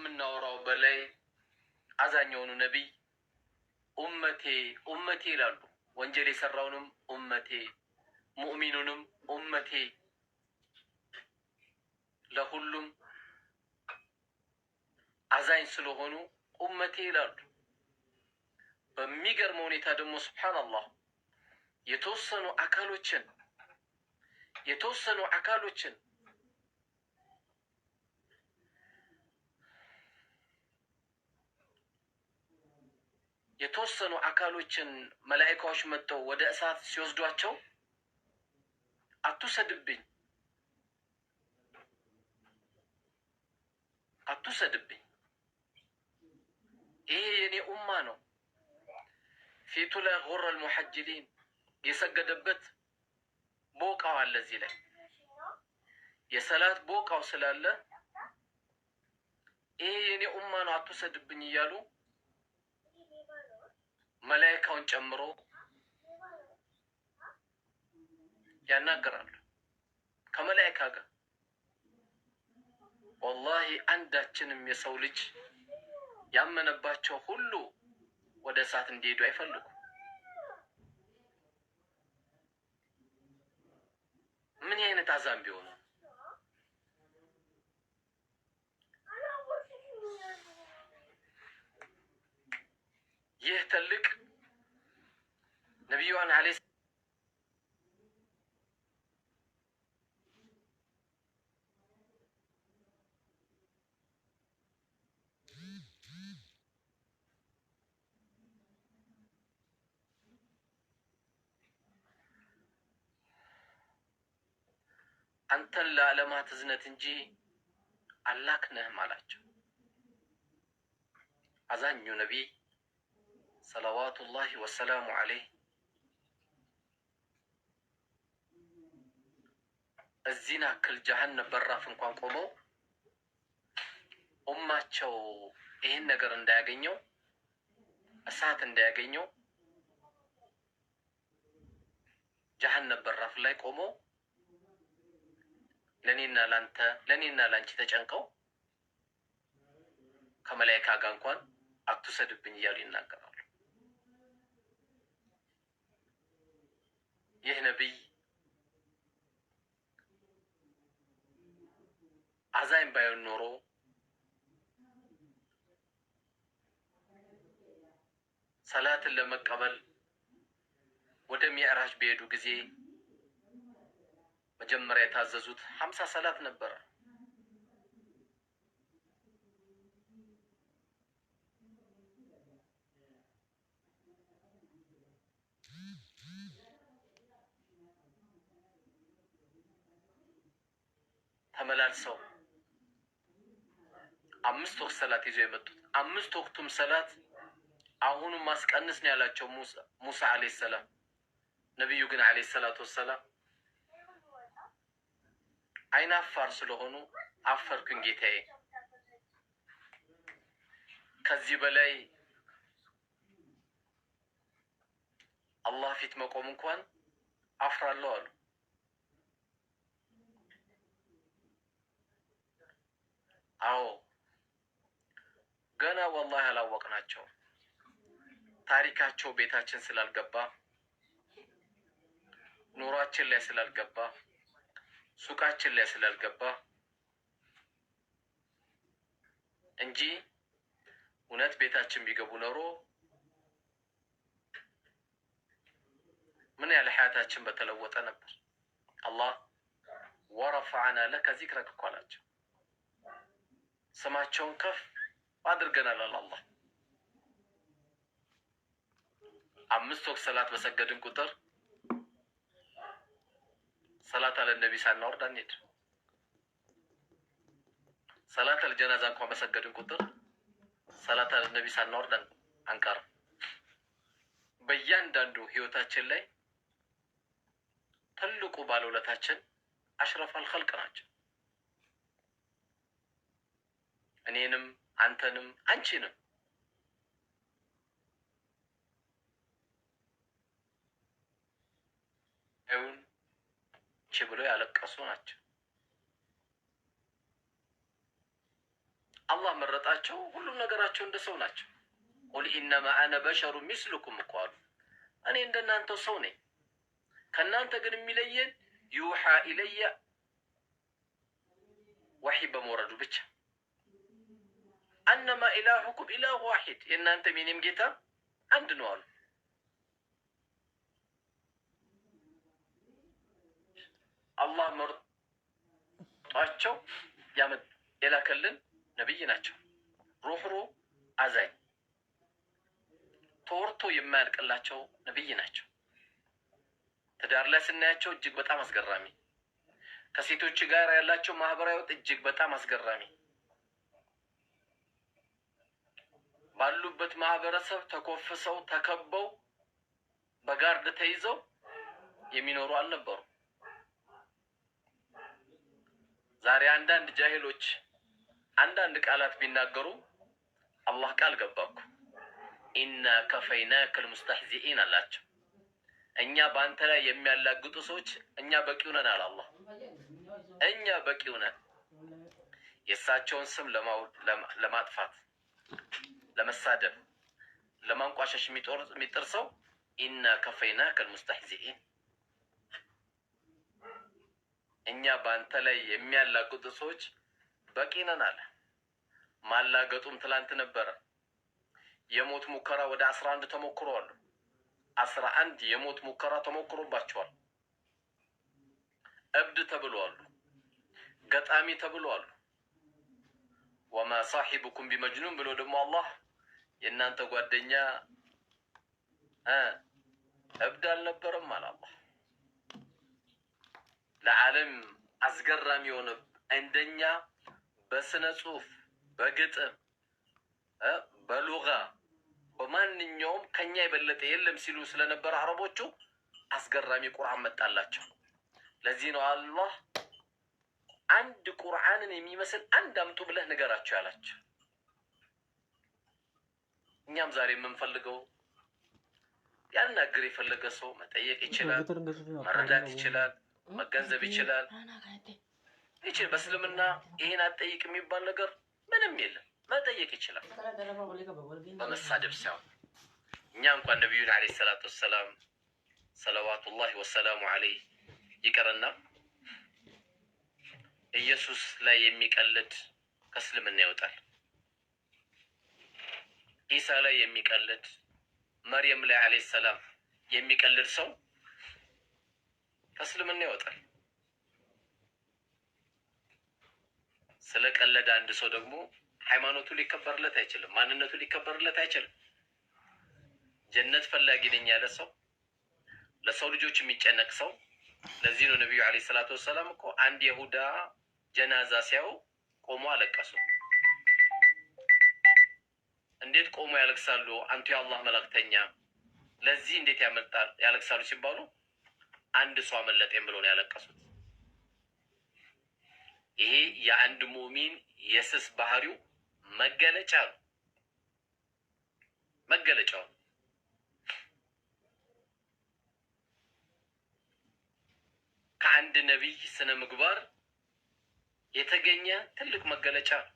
ከምናወራው በላይ አዛኝ የሆኑ ነቢይ ኡመቴ ኡመቴ ይላሉ። ወንጀል የሰራውንም ኡመቴ፣ ሙእሚኑንም ኡመቴ፣ ለሁሉም አዛኝ ስለሆኑ ኡመቴ ይላሉ። በሚገርመው ሁኔታ ደግሞ ሱብሓነላህ የተወሰኑ አካሎችን የተወሰኑ አካሎችን የተወሰኑ አካሎችን መላይካዎች መጥተው ወደ እሳት ሲወስዷቸው አትውሰድብኝ አትውሰድብኝ፣ ይሄ የኔ ኡማ ነው። ፊቱ ላይ ጎረ ልሙሐጅሊን የሰገደበት ቦቃው አለ። እዚህ ላይ የሰላት ቦቃው ስላለ ይሄ የኔ ኡማ ነው አትውሰድብኝ እያሉ መላይካውን ጨምሮ ያናገራሉ ከመላይካ ጋር። ወላሂ አንዳችንም የሰው ልጅ ያመነባቸው ሁሉ ወደ እሳት እንዲሄዱ አይፈልጉም። ምን አይነት አዛም ቢሆኑ ይህ ትልቅ ነቢዩን አለ አንተን ለዓለማት እዝነት እንጂ አላክነህም አላቸው። አዛኙ ነቢይ ሰለዋቱላሂ ወሰላሙ አለይህ እዚህን አክል ጀሀነም በራፍ እንኳን ቆመው ኡማቸው ይህን ነገር እንዳያገኘው እሳት እንዳያገኘው ጀሀነም በራፍ ላይ ቆመው ለእኔና ላንተ ለእኔና ላንቺ ተጨንቀው ከመላይካ ጋር እንኳን አትውሰድብኝ እያሉ ይናገራል። ይህ ነቢይ አዛኝ ባይሆን ኖሮ ሰላትን ለመቀበል ወደ ሚዕራጅ በሄዱ ጊዜ መጀመሪያ የታዘዙት ሀምሳ ሰላት ነበረ። ተመላልሰው አምስት ወቅት ሰላት ይዘው የመጡት አምስት ወቅቱም ሰላት አሁኑም ማስቀንስ ነው ያላቸው ሙሳ አለ ሰላም። ነቢዩ ግን አለ ሰላቱ ወሰላም አይን አፋር ስለሆኑ አፈርኩኝ ጌታዬ፣ ከዚህ በላይ አላህ ፊት መቆም እንኳን አፍራለሁ አሉ። አዎ ገና ወላሂ አላወቅናቸው። ታሪካቸው ቤታችን ስላልገባ፣ ኑሯችን ላይ ስላልገባ፣ ሱቃችን ላይ ስላልገባ እንጂ እውነት ቤታችን ቢገቡ ኖሮ ምን ያለ ሀያታችን በተለወጠ ነበር። አላህ ወረፈዐና ለከ ዚክረክ እኮ አላቸው። ስማቸውን ከፍ አድርገናል አለ አላህ። አምስት ወቅት ሰላት በሰገድን ቁጥር ሰላት አለ ነቢ ሳናወርድ አንሄድ። ሰላት አለ ጀናዛ እንኳን በሰገድን ቁጥር ሰላት አለ ነቢ ሳናወርድ አንቀርም። በእያንዳንዱ ህይወታችን ላይ ትልቁ ባለውለታችን አሽረፍ አልከልቅ ናቸው። እኔንም አንተንም አንቺንም ች ብሎ ያለቀሱ ናቸው። አላህ መረጣቸው። ሁሉም ነገራቸው እንደ ሰው ናቸው። ቁል ኢነማ አነ በሸሩ ሚስልኩም እኮ አሉ። እኔ እንደናንተው ሰው ነኝ። ከእናንተ ግን የሚለየን ዩሓ ኢለየ ወሒ በመውረዱ ብቻ አነማ ኢላሁኩም ኢላሁ ዋሂድ የእናንተ የኔም ጌታ አንድ ነው አሉ። አላህ መርጧቸው የላከልን ነብይ ናቸው። ሩህሩ አዛኝ ተወርቶ የማያልቅላቸው ነብይ ናቸው። ትዳር ላይ ስናያቸው እጅግ በጣም አስገራሚ፣ ከሴቶች ጋር ያላቸው ማህበራዊ ወጥ እጅግ በጣም አስገራሚ ባሉበት ማህበረሰብ ተኮፍሰው ተከበው በጋርድ ተይዘው የሚኖሩ አልነበሩ። ዛሬ አንዳንድ ጃሂሎች አንዳንድ ቃላት ቢናገሩ አላህ ቃል ገባኩ ኢና ከፈይናከ ልሙስተህዚኢን አላቸው። እኛ በአንተ ላይ የሚያላግጡ ሰዎች እኛ በቂው ነን አለ አላህ። እኛ በቂው ነን የእሳቸውን ስም ለማጥፋት ለመሳደብ ለማንቋሸሽ የሚጥር ሰው ኢና ከፈይና ከልሙስተህዚኢን እኛ በአንተ ላይ የሚያላግጡ ሰዎች በቂ አለ። ማላገጡም ትላንት ነበረ። የሞት ሙከራ ወደ አስራ አንድ አሉ። አስራ አንድ የሞት ሙከራ ተሞክሮባቸዋል። እብድ አሉ ገጣሚ ተብለዋል። ወማ ሳሒብኩም ቢመጅኑን ብሎ ደግሞ አላህ የእናንተ ጓደኛ እብድ አልነበረም አለ አላህ። ለዓለም አስገራሚ የሆነ እንደኛ በስነ ጽሁፍ፣ በግጥም፣ በሉጋ በማንኛውም ከኛ የበለጠ የለም ሲሉ ስለነበረ አረቦቹ አስገራሚ ቁርአን መጣላቸው። ለዚህ ነው አላህ አንድ ቁርአንን የሚመስል አንድ አምጡ ብለህ ንገራቸው ያላቸው። እኛም ዛሬ የምንፈልገው ያናግር የፈለገ ሰው መጠየቅ ይችላል፣ መረዳት ይችላል፣ መገንዘብ ይችላል። ይች በእስልምና ይሄን አጠይቅ የሚባል ነገር ምንም የለም። መጠየቅ ይችላል በመሳደብ ሳይሆን እኛ እንኳን ነቢዩን አለይሂ ሰላቱ ወሰላም ሰለዋቱላሂ ወሰላሙ አለይህ ይቀርና ኢየሱስ ላይ የሚቀልድ ከእስልምና ይወጣል። ኢሳ ላይ የሚቀልድ መርየም ላይ አለይሂ ሰላም የሚቀልድ ሰው ከእስልምና ይወጣል። ቀለደ አንድ ሰው ደግሞ ሃይማኖቱ ሊከበርለት አይችልም፣ ማንነቱ ሊከበርለት አይችልም። ጀነት ፈላጊ ነኝ ያለ ሰው፣ ለሰው ልጆች የሚጨነቅ ሰው። ለዚህ ነው ነቢዩ አለ ሰላቱ ወሰላም እኮ አንድ የሁዳ ጀናዛ ሲያው ቆሞ አለቀሱ። እንዴት ቆሞ ያለቅሳሉ? አንቱ የአላህ መልእክተኛ ለዚህ እንዴት ያመልጣል ያለቅሳሉ ሲባሉ አንድ ሰው አመለጠኝ ብሎ ነው ያለቀሱት። ይሄ የአንድ ሙእሚን የስስ ባህሪው መገለጫ ነው። መገለጫው ከአንድ ነቢይ ስነ ምግባር የተገኘ ትልቅ መገለጫ ነው።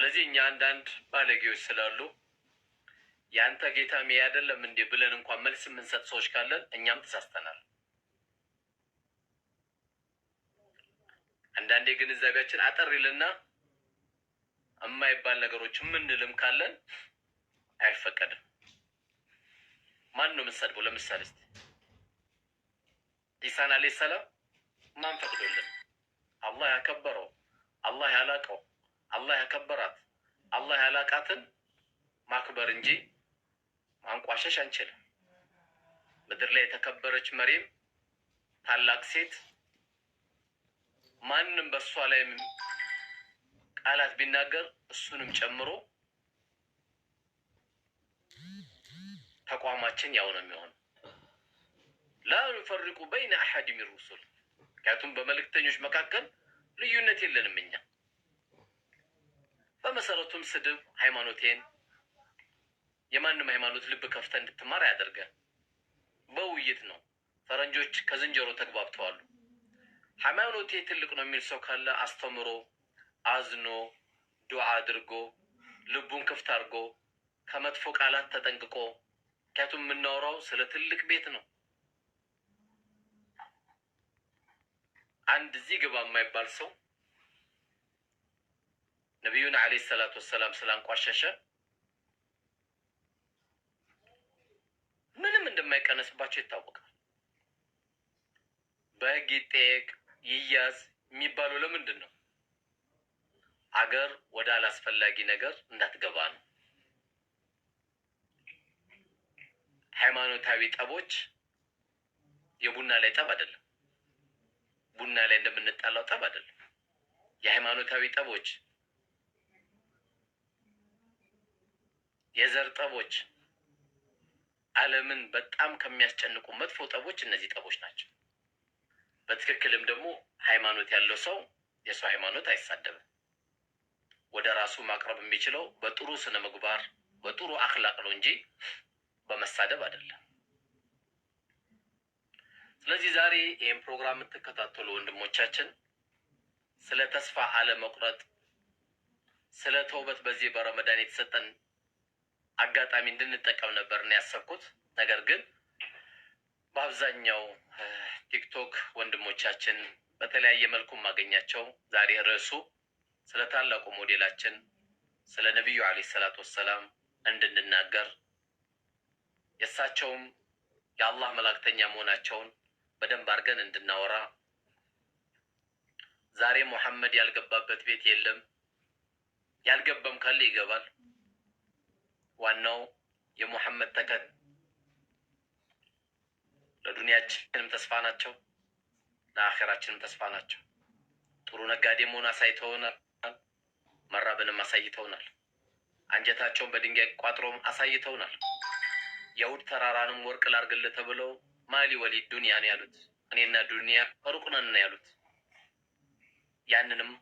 ስለዚህ እኛ አንዳንድ ባለጌዎች ስላሉ የአንተ ጌታ ሜ አይደለም እንዴ ብለን እንኳን መልስ የምንሰጥ ሰዎች ካለን እኛም ተሳስተናል። አንዳንዴ ግንዛቤያችን አጠር ይልና የማይባል ነገሮች የምንልም ካለን አይፈቀድም። ማን ነው የምንሰድበው? ለምሳሌ ስ ኢሳን አለይሂ ሰላም ማን ፈቅዶልን? አላህ ያከበረው፣ አላህ ያላቀው አላህ ያከበራት አላህ ያላቃትን ማክበር እንጂ ማንቋሸሽ አንችልም። ምድር ላይ የተከበረች መሪም ታላቅ ሴት ማንም በእሷ ላይ ቃላት ቢናገር እሱንም ጨምሮ ተቋማችን ያው ነው የሚሆን። ላ ፈርቁ በይነ አሐድ ሚን ሩሱል። ምክንያቱም በመልእክተኞች መካከል ልዩነት የለንም እኛ በመሰረቱም ስድብ ሃይማኖቴን፣ የማንም ሃይማኖት ልብ ከፍተ እንድትማር አያደርገን። በውይይት ነው። ፈረንጆች ከዝንጀሮ ተግባብተዋሉ። ሃይማኖቴ ትልቅ ነው የሚል ሰው ካለ አስተምሮ፣ አዝኖ፣ ዱዓ አድርጎ፣ ልቡን ክፍት አድርጎ፣ ከመጥፎ ቃላት ተጠንቅቆ ምክንያቱም የምናወራው ስለ ትልቅ ቤት ነው። አንድ እዚህ ግባ የማይባል ሰው ነቢዩን ዓለይሂ ሰላቱ ወሰላም ስላንቋሸሸ ምንም እንደማይቀነስባቸው ይታወቃል። በህግ ይጠየቅ ይያዝ የሚባለው ለምንድን ነው? አገር ወደ አላስፈላጊ ነገር እንዳትገባ ነው። ሃይማኖታዊ ጠቦች የቡና ላይ ጠብ አይደለም። ቡና ላይ እንደምንጣላው ጠብ አይደለም። የሃይማኖታዊ ጠቦች የዘር ጠቦች ዓለምን በጣም ከሚያስጨንቁ መጥፎ ጠቦች እነዚህ ጠቦች ናቸው። በትክክልም ደግሞ ሃይማኖት ያለው ሰው የሰው ሃይማኖት አይሳደብም። ወደ ራሱ ማቅረብ የሚችለው በጥሩ ስነ ምግባር በጥሩ አክላቅ ነው እንጂ በመሳደብ አይደለም። ስለዚህ ዛሬ ይህን ፕሮግራም የምትከታተሉ ወንድሞቻችን ስለ ተስፋ አለመቁረጥ፣ ስለ ተውበት በዚህ በረመዳን የተሰጠን አጋጣሚ እንድንጠቀም ነበር እና ያሰብኩት። ነገር ግን በአብዛኛው ቲክቶክ ወንድሞቻችን በተለያየ መልኩ ማገኛቸው ዛሬ ርዕሱ ስለ ታላቁ ሞዴላችን ስለ ነቢዩ አለይሂ ሰላቱ ወሰላም እንድንናገር የእሳቸውም የአላህ መላእክተኛ መሆናቸውን በደንብ አድርገን እንድናወራ ዛሬ ሙሐመድ ያልገባበት ቤት የለም። ያልገባም ካለ ይገባል። ዋናው የሙሐመድ ተከል ለዱንያችንም ተስፋ ናቸው፣ ለአኼራችንም ተስፋ ናቸው። ጥሩ ነጋዴ መሆን አሳይተውናል፣ መራብንም አሳይተውናል፣ አንጀታቸውን በድንጋይ ቋጥሮም አሳይተውናል። የውድ ተራራንም ወርቅ ላርግልህ ተብለው ማሊ ወሊድ ዱንያን ያሉት እኔና ዱንያ ሩቅ ነን ያሉት ያንንም